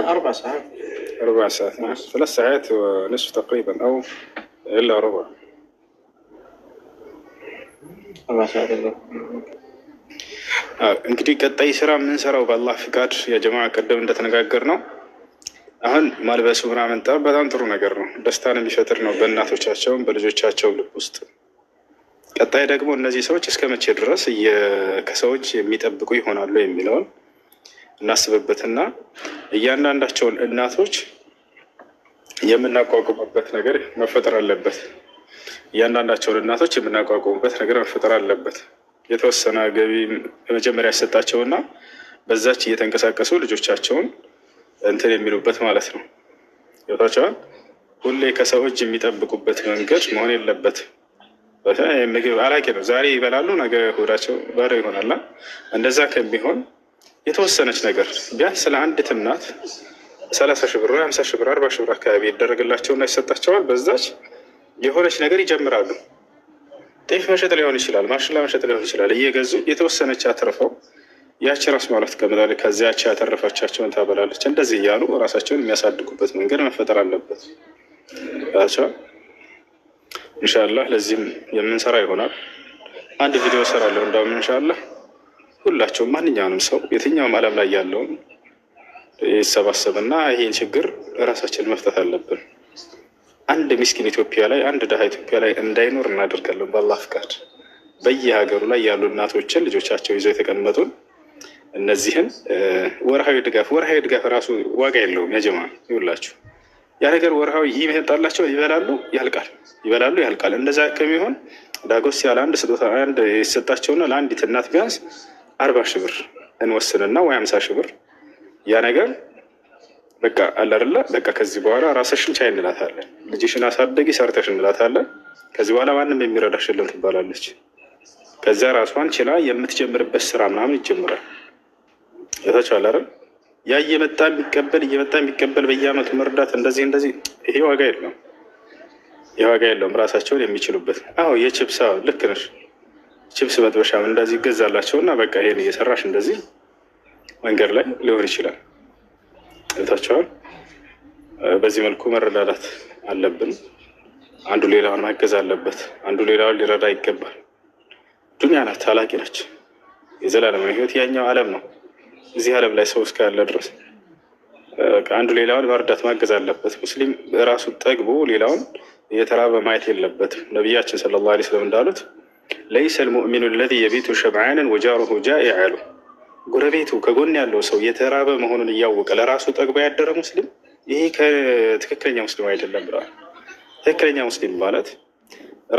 أربع ساعات أربع ساعات نعم ثلاث ساعات ونصف تقريبا أو إلا ربع أربع ساعات إلا እንግዲህ ቀጣይ ስራ የምንሰራው በአላህ ፍቃድ የጀማ ቀደም እንደተነጋገር ነው። አሁን ማልበሱ ምናምን በጣም ጥሩ ነገር ነው፣ ደስታን የሚፈጥር ነው በእናቶቻቸውም በልጆቻቸውም ልብ ውስጥ። ቀጣይ ደግሞ እነዚህ ሰዎች እስከ መቼ ድረስ ከሰዎች የሚጠብቁ ይሆናሉ የሚለውን እናስብበትና እያንዳንዳቸውን እናቶች የምናቋቁምበት ነገር መፈጠር አለበት። እያንዳንዳቸውን እናቶች የምናቋቁምበት ነገር መፈጠር አለበት። የተወሰነ ገቢ መጀመሪያ ያሰጣቸውና በዛች እየተንቀሳቀሱ ልጆቻቸውን እንትን የሚሉበት ማለት ነው። ይወታቸዋል። ሁሌ ከሰው እጅ የሚጠብቁበት መንገድ መሆን የለበት። ምግብ አላቂ ነው። ዛሬ ይበላሉ፣ ነገ ሆዳቸው ባዶ ይሆናላ። እንደዛ ከሚሆን የተወሰነች ነገር ቢያንስ ስለ አንድ ትምናት ሰላሳ ሺህ ብር፣ ሀምሳ ሺህ ብር፣ አርባ ሺህ ብር አካባቢ ይደረግላቸውና ይሰጣቸዋል። በዛች የሆነች ነገር ይጀምራሉ። ጤፍ መሸጥ ሊሆን ይችላል፣ ማሽላ መሸጥ ሊሆን ይችላል። እየገዙ የተወሰነች አትርፈው ያቺ ራስ ማለት ቀምጣል። ከዚያች ያተረፈቻቸውን ታበላለች። እንደዚህ እያሉ ራሳቸውን የሚያሳድጉበት መንገድ መፈጠር አለበት። ቸው እንሻላህ ለዚህም የምንሰራ ይሆናል። አንድ ቪዲዮ እሰራለሁ እንዳውም እንሻላህ ሁላቸውም ማንኛውንም ሰው የትኛውም ዓለም ላይ ያለውን የተሰባሰብና ይህን ችግር እራሳችን መፍታት አለብን። አንድ ሚስኪን ኢትዮጵያ ላይ አንድ ድሃ ኢትዮጵያ ላይ እንዳይኖር እናደርጋለን። በአላህ ፍቃድ በየሀገሩ ላይ ያሉ እናቶችን ልጆቻቸው ይዘው የተቀመጡን እነዚህን ወርሃዊ ድጋፍ ወርሃዊ ድጋፍ ራሱ ዋጋ የለውም። የጀማ ይውላችሁ ያ ነገር ወርሃዊ ይመጣላቸው ይበላሉ፣ ያልቃል፣ ይበላሉ፣ ያልቃል። እንደዛ ከሚሆን ዳጎስ ያለ አንድ ስጦታ አንድ የሰጣቸውና ለአንዲት እናት ቢያንስ አርባ ሺህ ብር እንወስንና ወይ ሀምሳ ሺህ ብር ያ ነገር በቃ አላደለ በቃ ከዚህ በኋላ ራስሽን ቻይ እንላታለን። ልጅሽን አሳደጊ ሰርተሽ እንላታለን። ከዚህ በኋላ ማንም የሚረዳሽ የለም ትባላለች። ከዛ ራሷን ችላ የምትጀምርበት ስራ ምናምን ይጀምራል። ታችኋል ያ እየመጣ የሚቀበል እየመጣ የሚቀበል በየአመቱ መርዳት እንደዚህ እንደዚህ፣ ይሄ ዋጋ የለውም፣ ይሄ ዋጋ የለውም። ራሳቸውን የሚችሉበት አዎ የችብሳ ልክ ነሽ። ችብስ መጥበሻም እንደዚህ ይገዛላቸው እና በቃ ይሄን እየሰራሽ እንደዚህ መንገድ ላይ ሊሆን ይችላል ታቸዋል። በዚህ መልኩ መረዳዳት አለብን። አንዱ ሌላውን ማገዝ አለበት። አንዱ ሌላውን ሊረዳ ይገባል። ዱኒያ ናት፣ ታላቂ ነች። የዘላለማዊ ህይወት ያኛው ዓለም ነው። እዚህ ዓለም ላይ ሰው እስካለ ድረስ አንዱ ሌላውን መርዳት ማገዝ አለበት። ሙስሊም ራሱ ጠግቦ ሌላውን እየተራበ ማየት የለበትም። ነቢያችን ሰለላሁ ዓለይሂ ወሰለም እንዳሉት ለይሰ ልሙእሚኑ ለዚ የቤቱ ሸብዓንን ወጃሩሁ ጃኢዕ አሉ። ጎረቤቱ ከጎን ያለው ሰው የተራበ መሆኑን እያወቀ ለራሱ ጠግቦ ያደረ ሙስሊም ይሄ ከትክክለኛ ሙስሊም አይደለም ብለዋል። ትክክለኛ ሙስሊም ማለት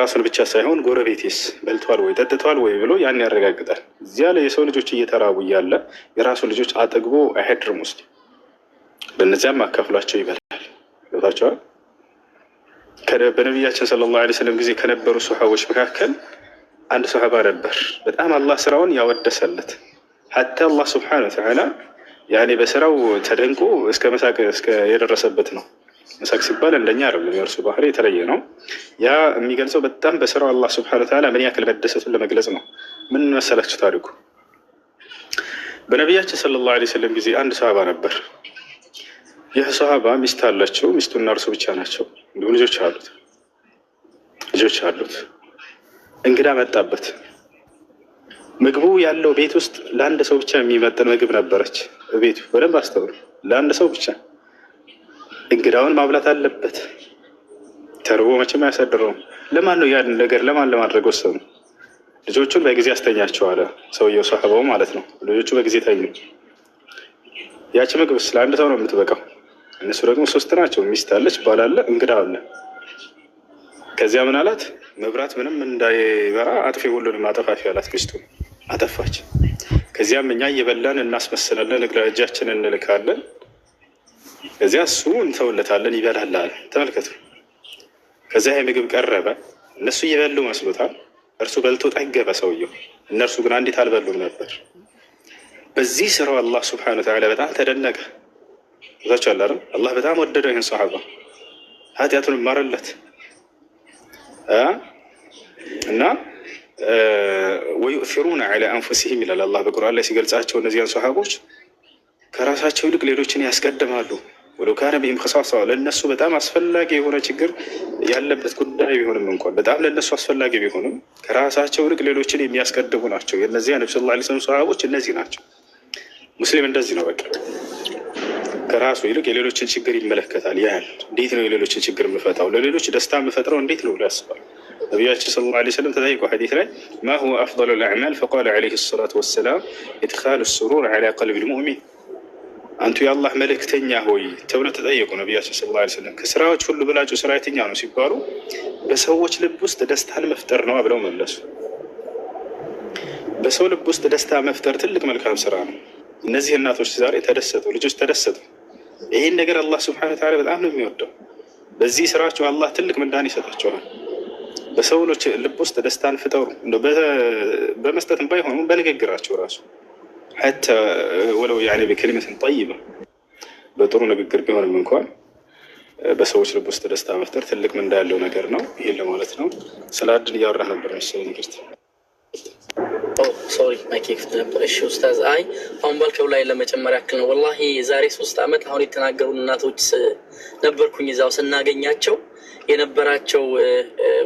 ራሱን ብቻ ሳይሆን ጎረቤቴስ በልተዋል ወይ ጠጥተዋል ወይ ብሎ ያን ያረጋግጣል። እዚያ ላይ የሰው ልጆች እየተራቡ እያለ የራሱ ልጆች አጠግቦ አያድርም ሙስሊም። በነዚያም አካፍሏቸው ይበላል። ገብታቸዋል። በነቢያችን ሰለላሁ ዓለይሂ ወሰለም ጊዜ ከነበሩ ሶሐቦች መካከል አንድ ሰሃባ ነበር። በጣም አላህ ስራውን ያወደሰለት ሐታ አላህ ስብሐነ ወተዓላ ያኔ በስራው ተደንቆ እስከ መሳቅ የደረሰበት ነው። መሳቅ ሲባል እንደኛ አይደለም፣ የእርሱ ባህሪ የተለየ ነው። ያ የሚገልጸው በጣም በስራው አላህ ስብሐነ ወተዓላ ምን ያክል መደሰቱን ለመግለጽ ነው። ምን መሰላችሁ ታሪኩ? በነቢያችን ሰለላሁ ዐለይሂ ወሰለም ጊዜ አንድ ሰሃባ ነበር። ይህ ሰሃባ ሚስት አላቸው። ሚስቱና እርሱ ብቻ ናቸው። እንዲሁም ልጆች አሉት ልጆች አሉት እንግዳ መጣበት። ምግቡ ያለው ቤት ውስጥ ለአንድ ሰው ብቻ የሚመጥን ምግብ ነበረች ቤቱ። በደንብ አስተውሉ። ለአንድ ሰው ብቻ እንግዳውን ማብላት አለበት። ተርቦ መቼም አያሳድረውም። ለማን ነው ያን ነገር ለማን ለማድረግ ወሰኑ? ልጆቹን በጊዜ አስተኛቸው አለ ሰውየው፣ ሰሐባው ማለት ነው። ልጆቹ በጊዜ ተኙ። ያቺ ምግብ ለአንድ ሰው ነው የምትበቃው። እነሱ ደግሞ ሶስት ናቸው። ሚስት አለች፣ ባል አለ፣ እንግዳ አለ። ከዚያ ምን አላት? መብራት ምንም እንዳይበራ አጥፊ ሁሉንም አጠፋፊ አላት ሚስቱ አጠፋች። ከዚያም እኛ እየበላን እናስመስላለን፣ እግረ እጃችን እንልካለን። ከዚያ እሱ እንተውለታለን፣ ይበላላል። ተመልከቱ። ከዚያ የምግብ ቀረበ፣ እነሱ እየበሉ መስሎታል። እርሱ በልቶ ጠገበ ሰውየው። እነርሱ ግን አንዲት አልበሉም ነበር። በዚህ ስራው አላህ ስብሐነ ወተዓላ በጣም ተደነቀ። ዛቸ አላህ በጣም ወደደው ይህን ሰሓባ ኃጢአቱን ማረለት። እና ወዩእሩነ ዐላ አንፉሲሂም ይላል አላህ በቁርአን ላይ ሲገልጻቸው እነዚያን ሰሃቦች ከራሳቸው ይልቅ ሌሎችን ያስቀድማሉ። ወለው ካነ ቢሂም ለእነሱ በጣም አስፈላጊ የሆነ ችግር ያለበት ጉዳይ ቢሆንም እንኳን በጣም ለእነሱ አስፈላጊ ቢሆንም ከራሳቸው ይልቅ ሌሎችን የሚያስቀድሙ ናቸው። የነዚያ ነቢ ስ ላ ሰለም ሰሃቦች እነዚህ ናቸው። ሙስሊም እንደዚህ ነው በቃ ከራሱ ይልቅ የሌሎችን ችግር ይመለከታል። ያህል እንዴት ነው የሌሎችን ችግር የምፈታው? ለሌሎች ደስታ የምፈጥረው እንዴት ነው ብሎ ያስባል። ነቢያችን ስለ ላ ስለም ተጠይቀው ሐዲስ ላይ ማ ሁወ አፍضሉ ልአዕማል ፈቃለ ዓለይህ ሰላቱ ወሰላም ኢድኻሉ ስሩር ዓላ ቀልብ ልሙእሚን አንቱ የአላህ መልእክተኛ ሆይ ተብሎ ተጠየቁ። ነቢያችን ስለ ላ ስለም ከስራዎች ሁሉ ብላጩ ስራ የትኛ ነው ሲባሉ በሰዎች ልብ ውስጥ ደስታን መፍጠር ነው ብለው መለሱ። በሰው ልብ ውስጥ ደስታ መፍጠር ትልቅ መልካም ስራ ነው። እነዚህ እናቶች ዛሬ ተደሰቱ፣ ልጆች ተደሰቱ። ይህን ነገር አላህ ስብሐነሁ ወተዓላ በጣም ነው የሚወደው። በዚህ ስራቸው አላህ ትልቅ ምንዳን ይሰጣቸዋል። በሰው ልብ ውስጥ ደስታን ፍጠሩ፣ በመስጠትም ባይሆኑ በንግግራቸው ራሱ ሐታ ወለው ያኔ በከሊመትን ጠይባ በጥሩ ንግግር ቢሆንም እንኳን በሰዎች ልብ ውስጥ ደስታ መፍጠር ትልቅ ምንዳ ያለው ነገር ነው። ይህን ለማለት ነው። ስለ አድን እያወራህ ነበር መሰለኝ። ሶሪ ማይክ ክፍት ነበር። እሺ ኡስታዝ፣ አይ ባልከው ላይ ለመጨመር ያክል ነው። ወላሂ የዛሬ ሶስት ዓመት አሁን የተናገሩን እናቶች ነበርኩኝ እዛው ስናገኛቸው የነበራቸው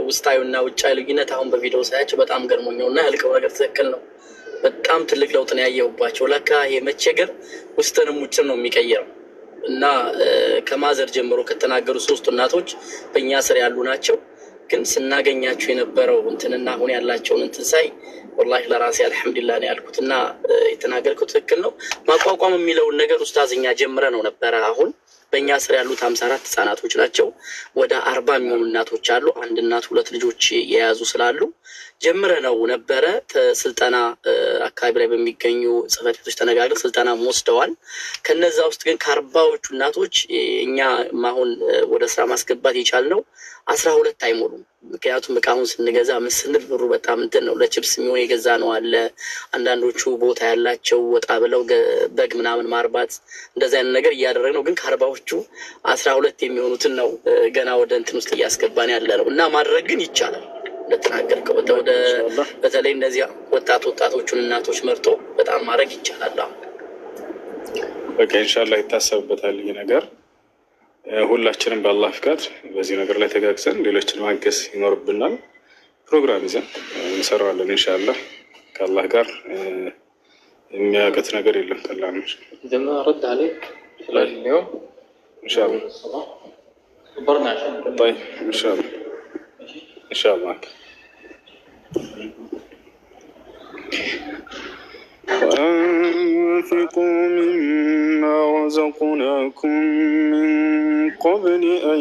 ውስጣዊና ውጫዊ ልዩነት አሁን በቪዲዮ ሳያቸው በጣም ገርሞኛው እና ያልከው ነገር ትክክል ነው። በጣም ትልቅ ለውጥ ነው ያየሁባቸው። ለካ የመቸገር ውስጥንም ውጭን ነው የሚቀየረው እና ከማዘር ጀምሮ ከተናገሩ ሶስቱ እናቶች በእኛ ስር ያሉ ናቸው። ግን ስናገኛቸው የነበረው እንትንና አሁን ያላቸውን እንትን ሳይ ወላሂ ለራሴ አልሐምዱሊላህ ነው ያልኩት። እና የተናገርከው ትክክል ነው። ማቋቋም የሚለውን ነገር ኡስታዝ ጀምረ ነው ነበረ። አሁን በእኛ ስር ያሉት ሀምሳ አራት ህጻናቶች ናቸው። ወደ አርባ የሚሆኑ እናቶች አሉ። አንድ እናት ሁለት ልጆች የያዙ ስላሉ ጀምረ ነው ነበረ ስልጠና አካባቢ ላይ በሚገኙ ጽህፈት ቤቶች ተነጋግረን ስልጠና ወስደዋል። ከነዛ ውስጥ ግን ከአርባዎቹ እናቶች እኛ አሁን ወደ ስራ ማስገባት የቻልነው አስራ ሁለት አይሞሉም። ምክንያቱም እቃሁን ስንገዛ ምን ስንል ብሩ በጣም እንትን ነው። ለችብስ የሚሆን የገዛ ነው አለ። አንዳንዶቹ ቦታ ያላቸው ወጣ ብለው በግ ምናምን ማርባት እንደዚ አይነት ነገር እያደረግ ነው። ግን ከአርባዎቹ አስራ ሁለት የሚሆኑትን ነው ገና ወደ እንትን ውስጥ እያስገባን ያለ ነው እና ማድረግ ግን ይቻላል። እንደተናገርከው በተለይ እንደዚህ ወጣት ወጣቶቹን እናቶች መርጦ በጣም ማድረግ ይቻላል። አሁን በቃ ኢንሻላ ይታሰብበታል ይህ ነገር። ሁላችንም በአላህ ፍቃድ በዚህ ነገር ላይ ተጋግዘን ሌሎችን ማገዝ ይኖርብናል። ፕሮግራም ይዘን እንሰራዋለን ኢንሻላ ከአላህ ጋር የሚያውቀት ነገር የለም። ከላኖች ጀማ ረድ አሌክ ይችላል ان شاء الله وأنفقوا مما رزقناكم من قبل أن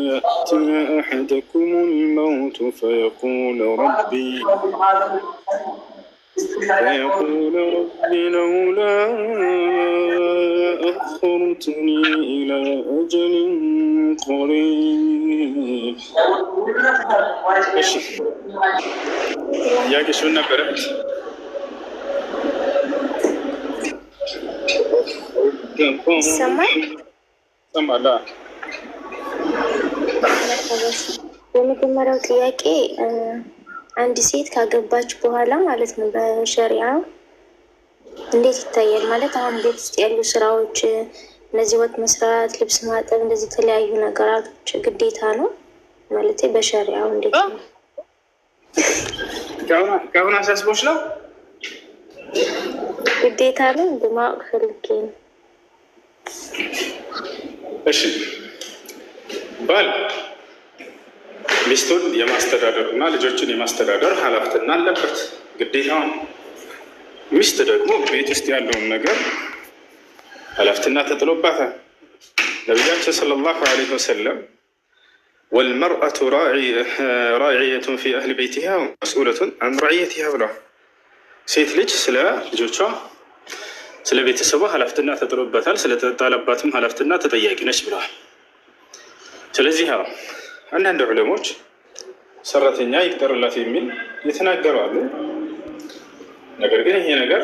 يأتي أحدكم الموت فيقول ربي فيقول رب لولا أخرتني إلى أجل ጥያቄሽ ምን ነበረ? ይሰማል። የመጀመሪያው ጥያቄ አንድ ሴት ካገባች በኋላ ማለት ነው በሸሪያ እንዴት ይታያል? ማለት አሁን ቤት ውስጥ ያሉ ስራዎች እነዚህ ወጥ መስራት፣ ልብስ ማጠብ፣ እንደዚህ የተለያዩ ነገራቶች ግዴታ ነው ማለት በሸሪያው እንዴት ነው? ከሁን አሳስቦች ነው ግዴታ ነው ማወቅ ፈልጌ ነው። እሺ ባል ሚስቱን የማስተዳደር እና ልጆችን የማስተዳደር ኃላፊነት አለበት ግዴታውን። ሚስት ደግሞ ቤት ውስጥ ያለውን ነገር ኃላፊትና ተጥሎባታል። ነቢያችን ሰለላሁ ዐለይሂ ወሰለም ወልመርአቱ ራዕየቱን ፊ አህሊ ቤቲሃ መስኡለቱን አን ራዕየቲሃ ብለዋል። ሴት ልጅ ስለ ልጆቿ ስለ ቤተሰቧ ኃላፊትና ተጥሎበታል፣ ስለተጣለባትም ኃላፊትና ተጠያቂ ነች ብለዋል። ስለዚህ ያው አንዳንድ ዑለሞች ሰራተኛ ይቅጠርላት የሚል የተናገሩ አሉ። ነገር ግን ይሄ ነገር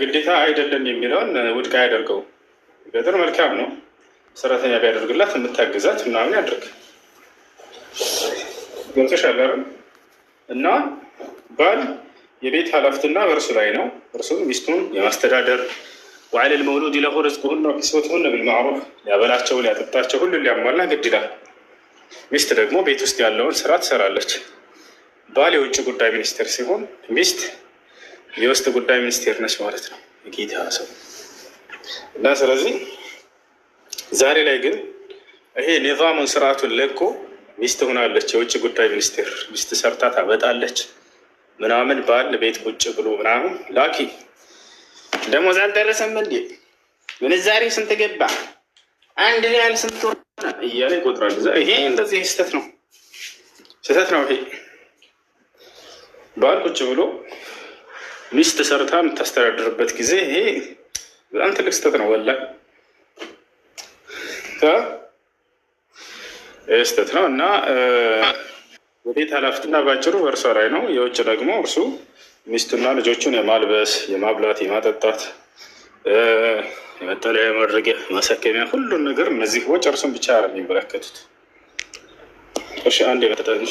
ግዴታ አይደለም የሚለውን ውድቅ አያደርገው። ገጥር መልካም ነው። ሰራተኛ ቢያደርግላት የምታግዛት ምናምን ያድርግ። ገብቶሻል አይደል? እና ባል የቤት ኃላፊነቱና በእርሱ ላይ ነው። እርሱም ሚስቱን የማስተዳደር ወዐለል መውሉድ ለሁ ሪዝቁሁነ ወኪስወቱሁነ ቢልማዕሩፍ ሊያበላቸው፣ ሊያጠጣቸው ሁሉ ሊያሟላ ግድ ይላል። ሚስት ደግሞ ቤት ውስጥ ያለውን ስራ ትሰራለች። ባል የውጭ ጉዳይ ሚኒስትር ሲሆን ሚስት የውስጥ ጉዳይ ሚኒስቴር ነች ማለት ነው ጌታ ሰው እና ስለዚህ ዛሬ ላይ ግን ይሄ ኒዛሙን ስርዓቱን ለቆ ሚስት ሆናለች። የውጭ ጉዳይ ሚኒስቴር ሚስት ሰርታ ታበጣለች ምናምን ባል ቤት ቁጭ ብሎ ምናምን ላኪ ደሞዝ አልደረሰም እንዴ ምንዛሬ ስንት ገባ አንድ ሪያል ስንት እያለ ይቆጥራል። ይሄ እንደዚህ ስህተት ነው፣ ስህተት ነው። ይሄ ባል ቁጭ ብሎ ሚስት ሰርታ የምታስተዳድርበት ጊዜ ይሄ በጣም ትልቅ ስህተት ነው። ወላሂ ስህተት ነው እና የቤት ኃላፊትና ባጭሩ በእርሷ ላይ ነው። የውጭ ደግሞ እርሱ ሚስቱና ልጆቹን የማልበስ የማብላት፣ የማጠጣት፣ የመጠለያ የማድረጊያ ማሳከሚያ ሁሉን ነገር እነዚህ ወጭ እርሱን ብቻ ነው የሚመለከቱት። እሺ አንድ የመጠጠ